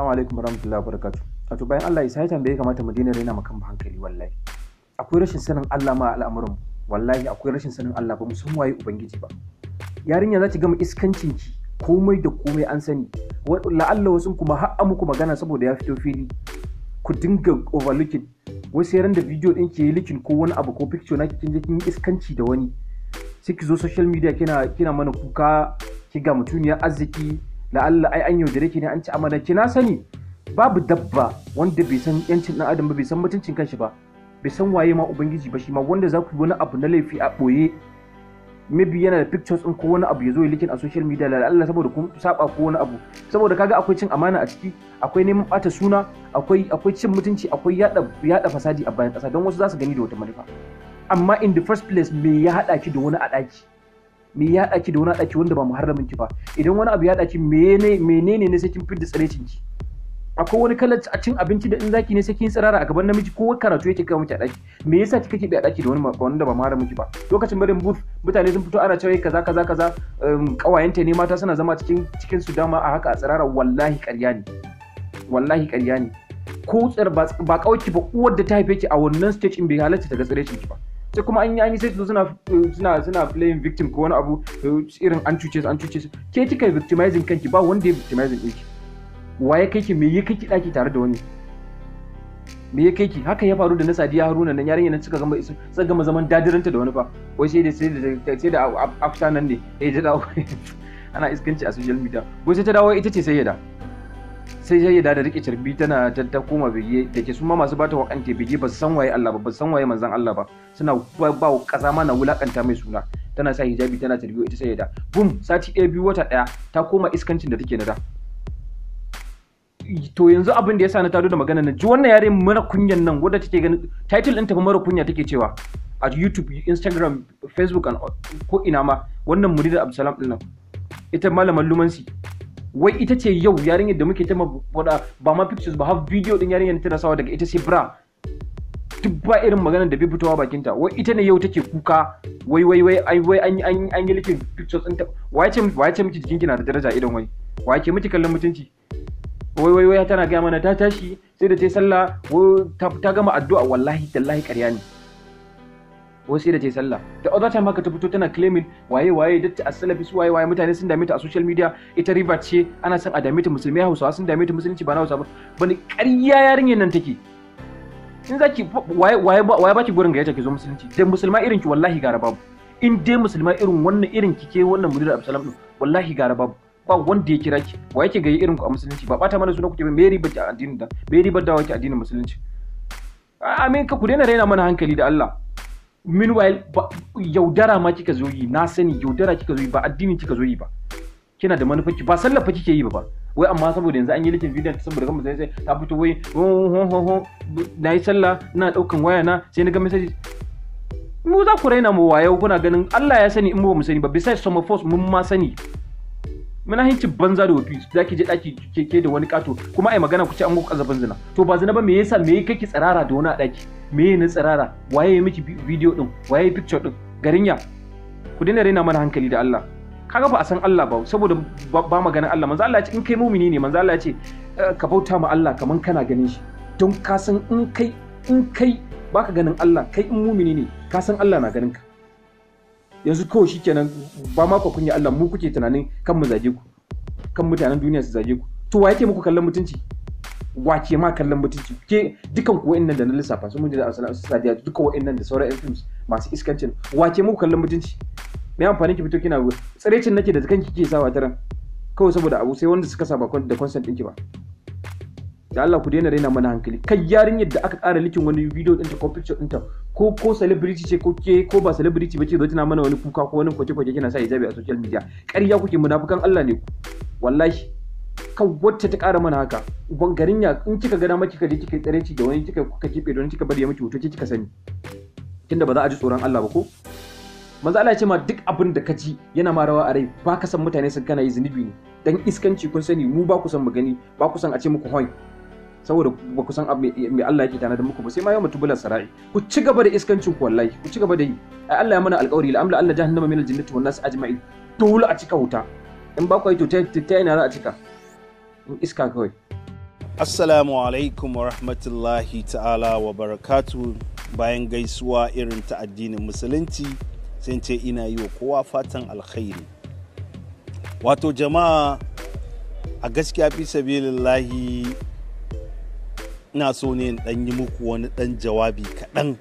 Assalamu alaikum warahmatullahi wabarakatuh. Wato bayan Allah ya sai tambaye kamata mu daina raina makan hankali wallahi. Akwai rashin sanin Allah ma al'amuran wallahi akwai rashin sanin Allah ba mu san waye ubangiji ba. Yarinya za ta gama iskancin ki komai da komai an sani. La'alla wasu kuma har muku magana saboda ya fito fili. Ku dinga overlooking wasu yaran da bidiyo ɗin ke likin ko wani abu ko picture na kin je kin iskanci da wani. Sai ki zo social media kina kina mana kuka ki ga mutuniyar arziki la'alla ai an yaudare ki ne an ci amana ki na sani babu dabba wanda bai san yancin dan adam ba bai san mutuncin kanshi ba bai san waye ma ubangiji ba shi ma wanda za ku yi wani abu na laifi a boye maybe yana da pictures din ko wani abu ya zo ya a social media la Allah saboda kun saba ko wani abu saboda kaga akwai cin amana a ciki akwai neman bata suna akwai akwai cin mutunci akwai yada yada fasadi a bayan kasa don wasu za su gani da wata manufa amma in the first place me ya hada ki da wani a daki me ya daki da wani daki wanda ba muharramin ki ba idan wani abu ya daki menene ne sai kin fidda tsirecin ki akwai wani kalar a cin abinci da in zaki ne sai kin tsirara a gaban namiji ko karatu yake kawo miki a daki me yasa kika ke a daki da wani wanda ba mara ki ba lokacin barin booth mutane sun fito ana cewa kaza kaza kaza kawayenta um, ne mata suna zama cikin cikin su dama a haka a tsirara wallahi ƙarya ne wallahi ƙarya ne ko tsir ba kauki ba uwar da ta haife ki a wannan stage in bai halarta ta ga tsire ki ba sai kuma an yi an yi sai su suna suna suna playing victim ko wani abu irin an cuce su an cuce su ke kika victimizing kanki ba wanda ya victimizing ɗinki waye kai ki me ya kai daki ɗaki tare da wani me ya kai ki haka ya faru da na sadiya haruna nan yarinya nan suka gama isu suka gama zaman dadiranta da wani fa wai sai da sai da sai da after nan ne eh ta dawo ana iskanci a social media wai sai ta dawo ita ce sai ya da sai jayyada da rike carbi tana ta koma bege da ke suma masu bata wakan ke bege ba su san waye Allah ba ba su san waye manzon Allah ba suna ba kaza ma na wulakanta mai suna tana sa hijabi tana tarbiyo ita sai da bum sati ɗaya biyu wata ɗaya ta koma iskancin da take na da to yanzu abin da yasa na tado da magana na ji wannan yare mara kunyan nan wadda take ganin title ɗin tafi mara kunya take cewa a YouTube Instagram Facebook uh, ko ina ma wannan murida Absalam din nan ita malaman lumansi wai ita ce yau yarinyar da muke ta faɗa ba ma pictures ba har video din yarinyar tana sawa daga ita ce bra duk ba irin maganar da bai fitowa bakinta wai ita ne yau take kuka wai wai wai ai wai an an an yi likin pictures ta wai ce wai ce miki jikinki na da daraja idan wai wai ke miki kallon mutunci wai wai wai tana gaya mana ta tashi sai da ta yi sallah ta gama addu'a wallahi tallahi ƙarya ne ko sai da ce sallah da other time haka ta fito tana claiming waye waye datti a salafi su waye waye mutane sun dame ta a social media ita riba ce ana son a dame ta musulmai hausawa sun dame ta musulunci ba na hausawa ba bani ƙarya yarinyar nan take in za ki waye waye waye ba ki gurin 'yata ki zo musulunci da musulma irin ki wallahi gara babu in dai musulma irin wannan irin ki ke wannan mudira absalam din wallahi gara babu ba wanda ya kira ki waye ki gayi irin ku a musulunci ba bata mana suna ku tafi me ribar da addinin da me ribar da wake addinin musulunci amin ka ku daina raina mana hankali da Allah meanwhile yaudara ma kika zo yi na sani yaudara kika zo yi ba addini kika zo yi ba kina da manufa ba fa kike yi ba wai amma saboda yanzu an yi likin bidiyon ta saboda kamar sai ta fito wai na yi sallah ina daukan waya na sai na ga message mu za ku raina mu wayo kuna ganin Allah ya sani in mu ba mu sani ba besides some of us mun ma sani hinci banza da wofi za ki je daki keke da wani kato kuma ai magana ku ce an goka azabin zina to ba zina ba me yasa me kake tsirara da wani a daki me ne tsirara waye ya miki bidiyo din waye ya picture din garinya ya ku daina raina mana hankali da Allah kaga ba a san Allah ba saboda ba magana Allah manzo Allah ya ce in kai mumini ne manzo Allah ya ce eh, ka bauta ma Allah kaman kana ganin shi don ka san in kai in kai baka ganin Allah kai in mumini ne ka san Allah na ganin ka yanzu kawai shi kenan ba ma ku kunya Allah mu kuke tunanin kan mu zage ku kan mutanen duniya su zage ku to wa yake muku kallon mutunci wa ke ma kallon mutunci ke dukan ku wa'annan da na lissafa sun mun da asana su sadiya duka wa'annan da sauran films masu iskancin wa ke muku kallon mutunci me amfani ki fito kina tsirecin nake da kanki kike sawa taran kawai saboda abu sai wanda suka saba da consent ɗinki ba da Allah ku daina raina mana hankali kai yarinyar da aka ƙara likin wani bidiyo ɗinta ko picture ɗinta ko ko celebrity ce ko ke ko ba celebrity ba ce zo tana mana wani kuka ko wani kwace kwace kina sa hijabi a social media ƙarya kuke munafukan Allah ne wallahi kan wacce ta ƙara mana haka uban garin ya in kika gana maki kaje kika tsare ci da wani kika kuka kife don kika bari ya miki hoto kika sani tunda ba za a ji tsoron Allah ba ko manzo Allah ya ce ma duk abin da ka ji yana ma rawa a rai ba ka san mutane sun kana yi zunubi ne dan iskanci kun sani mu ba ku san mu gani ba ku san a ce muku hoi saboda ba ku san me Allah yake tana da muku ba sai ma yau mutubulan sarai ku ci gaba da iskancin ku wallahi ku ci gaba da yi ai Allah ya mana alƙawari la amla Allah jahannama min aljinnati wan nas ajma'in dole a cika wuta in ba ku yi to ta ina za a cika in iska kawai assalamu alaikum wa rahmatullahi ta'ala wa barakatu bayan gaisuwa irin ta addinin musulunci sai ce ina yi wa kowa fatan alkhairi wato jama'a a gaskiya fi sabilillahi ina so ne in ɗan yi muku wani ɗan jawabi kaɗan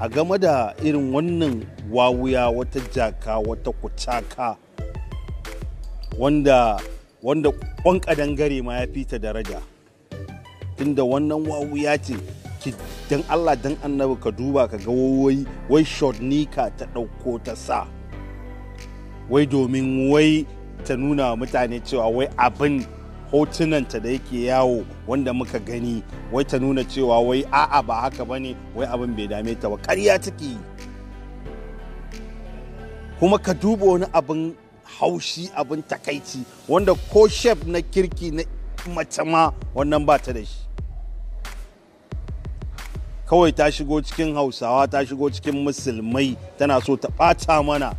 a game da irin wannan wawuya wata jaka wata kucaka wanda wanda ƙwan ƙadangare ma ya fita daraja tunda wannan wawuya ce ki dan Allah dan annabi ka duba ka ga wai wai nika ta ɗauko ta sa wai domin wai ta nuna mutane cewa wai abin hotunanta da yake yawo wanda muka gani wai ta nuna cewa wai a'a ba haka ba ne wai abin bai dame ta ba ƙarya take yi kuma ka duba wani abin haushi abin takaici wanda ko shef na kirki na mace ma wannan ba ta da shi kawai ta shigo cikin hausawa ta shigo cikin musulmai tana so ta ɓata mana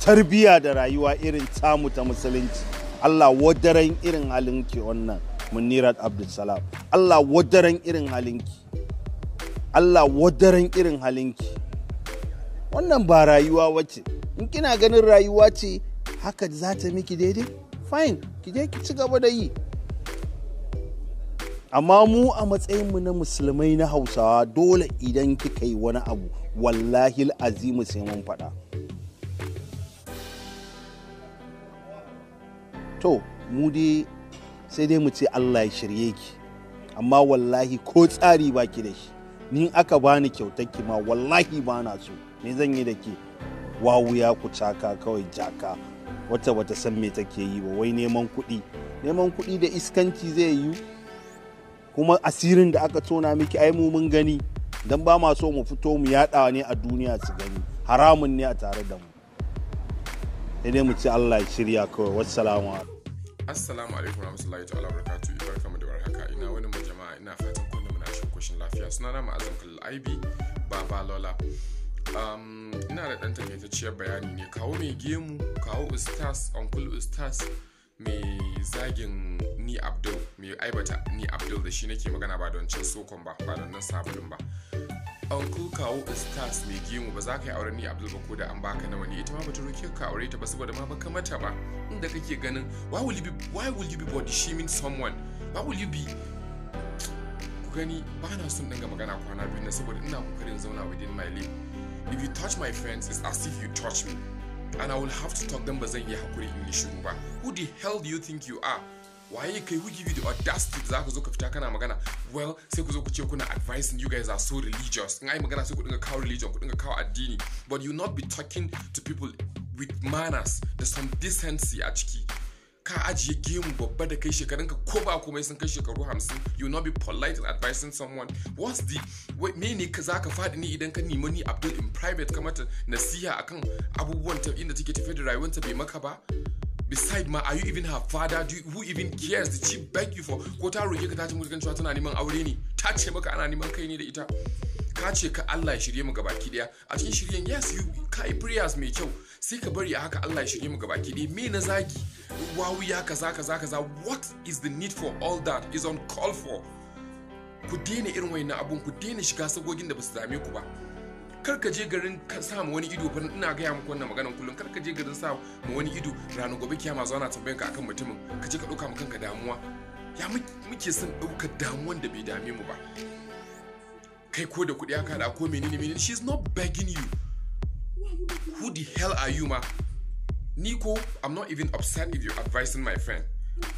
tarbiya da rayuwa irin tamu ta musulunci Allah wadaran irin halinki wannan Munirat Abdulsalam Allah wadaran irin halinki Allah wadaran irin halinki wannan ba rayuwa wace in kina ganin rayuwa ce haka za ta miki daidai fine ki je ki ci gaba da yi amma mu a matsayinmu na musulmai na hausawa dole idan kika yi wani abu wallahi azimu sai mun faɗa to mu dai sai dai mu ce Allah ya shirye ki amma wallahi ko tsari ba ki da shi ni aka bani kyautar ki ma wallahi ba na so me zan yi da ke wawu ya ku caka kawai jaka wata wata san me take yi ba wai neman kuɗi neman kuɗi da iskanci zai yi kuma asirin da aka tona miki ai mu mun gani dan ba ma so mu fito mu yaɗa ne a duniya su gani haramun ne a tare da mu dai mu ci Allah ya shirya kawai wassalamu alaikum assalamu alaikum warahmatullahi ta'ala barakatuh barkamu da warhaka ina wani mu jama'a ina fatan kun muna cikin koshin lafiya sunana ma'azam kullu IB baba lola um, ina da ɗan takaitacciyar bayani ne kawo mai gemu kawo on uncle ustas mai zagin ni abdul mai aibata ni abdul da shi nake magana ba don cin sokon ba ba don nan sabulun ba uncle kawo stars mai gemu ba za ka yi auren ni abdul ba da an baka nawa ne ita ma ba ta roke ka aure ta ba saboda ma baka mata ba inda kake ganin why will you be why will you be body shaming someone why will you be ku gani ba na son dinga magana kwana biyu na saboda ina kokarin zauna within my lane if you touch my friends it's as if you touch me and i will have to talk them ba zan yi hakuri in shiru ba who the hell do you think you are waye kai wugi video audacity za ku zo ka fita kana magana well sai ku zo ku ce kuna advising you guys are so religious in ai magana sai ku dinga kawo religion ku dinga kawo addini but you not be talking to people with manners da some decency a ciki ka ajiye gemu babba da kai shekarun ka ko ba komai sun kai shekaru hamsin you not be polite in advising someone what's the me ne ka zaka faɗi ni idan ka nemi ni abdul in private kamata nasiha akan abubuwan ta inda take tafiya da ta bai maka ba beside ma are you even her father do you, who even cares did she beg you for ko ta roke ka ta ce cewa tana neman aure ne ta ce maka ana neman kai ne da ita ka ce ka Allah ya shirye mu gabaki daya a cikin shiryen yes you ka yi prayers mai kyau sai ka bari a haka Allah ya shirye mu gabaki daya me na zaki wawu ya kaza kaza kaza what is the need for all that is on call for ku daina irin wayannan abun ku daina shiga sagogin da ba su dame ku ba kar ka je garin ka sa ma wani ido fa ina gaya muku wannan maganan kullum kar ka je garin sa ma wani ido ranar gobe kiyama zauna tambayan ka akan mutumin ka je ka dauka ma kanka damuwa ya muke son daukar damuwan da bai dame mu ba kai ko da kuɗi aka da ko menene menene she's not begging you who the hell are you ma Nico, I'm not even upset if you're advising my friend.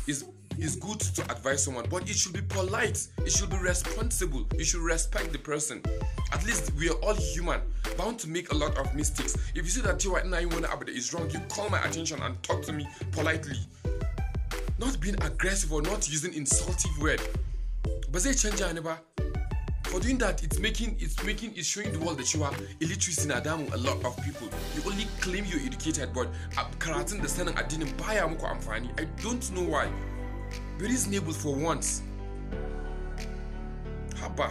Is it's good to advise someone, but it should be polite. It should be responsible. You should respect the person. At least we are all human, bound to make a lot of mistakes. If you see that TY91 abede is wrong, you call my attention and talk to me politely. Not being aggressive or not using insultive word. But they change aneba. For doing that, it's making it's making it's showing the world that you are illiterate in Adamu a lot of people. You only claim you're educated, but uh, the karatun da sanin addinin baya muku amfani. I don't know why. Greet neighbors for once. Haba,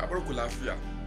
abarku lafiya.